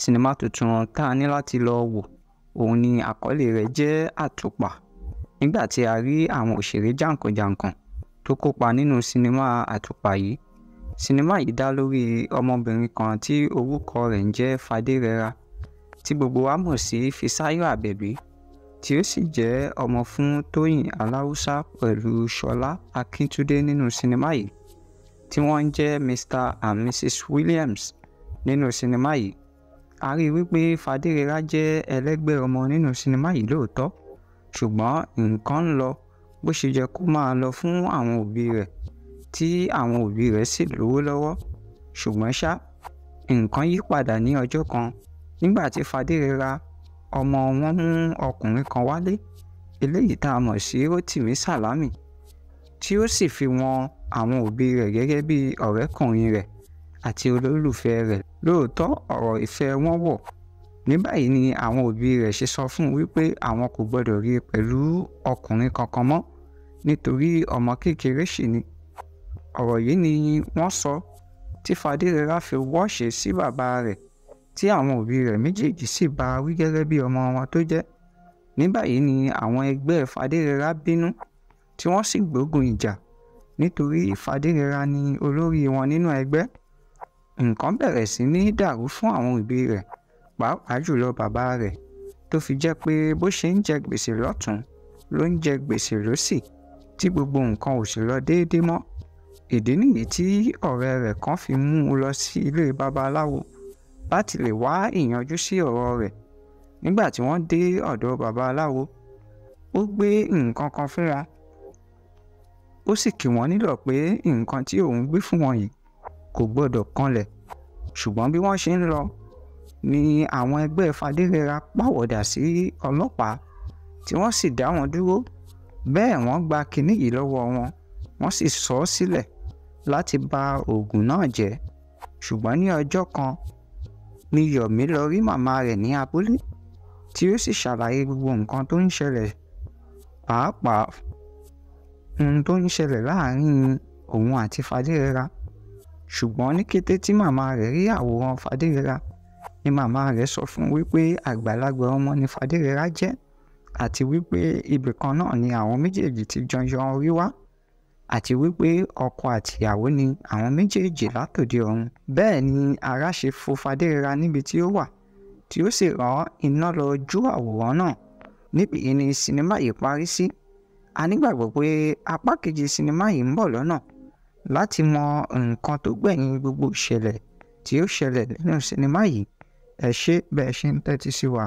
sinimá tuntun tá a ní láti lọ wò òun ni àkọlé rẹ̀ jẹ́ àtùpà nígbà tí a rí àwọn òṣèré jàǹkànjàǹkàn tó kópa nínú sinimá àtùpà yìí sinimá yìí dá lórí ọmọbìnrin kan tí orúkọ rẹ̀ ń jẹ́ Fadérẹra tí gbogbo wa mọ̀ sí Fisáyọ̀ Àbẹ̀bí tí ó sì jẹ́ ọmọ fún Tóyìn Aláùsá pẹ̀lú Ṣọlá Akíntúndé nínú sinimá yìí tí wọ́n ń jẹ́ Mr and Mrs Williams nínú sinimá yìí a rí i wípé fàdérera jẹ́ ẹlẹ́gbẹ́ ọmọ nínú sinimá yìí lóòótọ́ ṣùgbọ́n nǹkan ń lọ bó ṣe jẹ́ kó máa lọ fún àwọn òbí rẹ̀ tí àwọn òbí rẹ̀ sì lówó lọ́wọ́ ṣùgbọ́n ṣá nǹkan yí padà ní ọjọ́ kan nígbà tí fàdérera ọmọ wọn mú ọkùnrin kan wálé eléyìí tá a mọ̀ sí Rotimi Salami tí ó sì fi wọn àwọn òbí rẹ̀ gẹ́gẹ́ bí ọ̀rẹ́kùnrin rẹ̀ àti olólùfẹ́ rẹ̀ lóòótọ́ ọ̀rọ̀ ìfẹ́ wọn wọ̀ ní báyìí ni àwọn òbí rẹ̀ ṣe sọ fún un wípé àwọn kò gbọdọ̀ rí i pẹ̀lú ọkùnrin kankan mọ́ nítorí ọmọ kékeré ṣì ni ọ̀rọ̀ yìí ni wọ́n sọ tí Fadérẹrà fi wọ́ọ̀ṣẹ̀ sí bàbá rẹ̀ tí àwọn òbí rẹ̀ méjèèjì sì bá wí gẹ́gẹ́ bí ọmọ wọn tó jẹ́ ní báyìí ni àwọn ẹgbẹ́ Fadérẹrà bínú tí wọ́n sì gbógun ìjà nítorí Fadérẹrà ni olórí wọn nínú ẹgbẹ́ nǹkan bẹ̀rẹ̀ sí ní dàrú fún àwọn òbí rẹ̀ pàápàá jùlọ bàbá rẹ̀ tó fi jẹ́ pé bó ṣe ń jẹ gbèsè lọ́tún ló ń jẹ gbèsè lọ́sì tí gbogbo nǹkan ò sì lọ déédéé mọ́ ìdí nìyí tí ọ̀rẹ́ rẹ̀ kan fi mú un lọ sí ilé babaláwo láti lè wá ìyanjú sí ọ̀rọ̀ rẹ̀ nígbà tí wọ́n dé ọ̀dọ̀ babaláwo ó gbé nǹkan kan fúnra ó sì kì wọ́n nílọ̀ pé nǹkan tí òun gbé fún wọn yìí kò gbọ́dọ̀ kanlẹ̀ ṣùgbọ́n bí wọ́n ṣe ń lọ ni àwọn ẹgbẹ́ Fadérera pàwọ̀dà sí ọlọ́pàá tí wọ́n sì dá wọn dúró bẹ́ẹ̀ wọ́n gba kinní yìí lọ́wọ́ wọn wọ́n sì sọ ọ́ sílẹ̀ láti ba oògùn náà jẹ́ ṣùgbọ́n ní ọjọ́ kan ni Yọ̀mí lọ rí màmá rẹ̀ ní abúlé tí ó sì ṣàlàyé gbogbo nǹkan tó ń ṣẹlẹ̀ pàápàá ohun tó ń ṣẹlẹ̀ láàárín òun àti Fadérera ṣùgbọ́n ní kété tí màmá rẹ̀ rí àwòrán fàdérera ni màmá rẹ̀ sọ fún wípé àgbàlagbà ọmọ ni fàdérera jẹ́ àti wípé ibì kan náà ni àwọn méjèèjì ti jọjọ rí wá àti wípé ọkọ àtìyàwó ni àwọn méjèèjì látòde ọ̀run bẹ́ẹ̀ ni ara ṣe fò fàdérera níbi tí ó wà tí ó sì rán iná lọ ju àwòrán náà níbi ìní sinimá yìí parí sí a nígbàgbọ́ pé apá kejì sinimá yìí ń bọ̀ lọ́nà láti mọ nǹkan tó gbẹ̀yìn gbogbo ìṣẹ̀lẹ̀ tí ó ṣẹlẹ̀ nínú sinimá yìí ẹ ṣé bẹ́ẹ̀ ṣe ń tẹ́tí sí wa.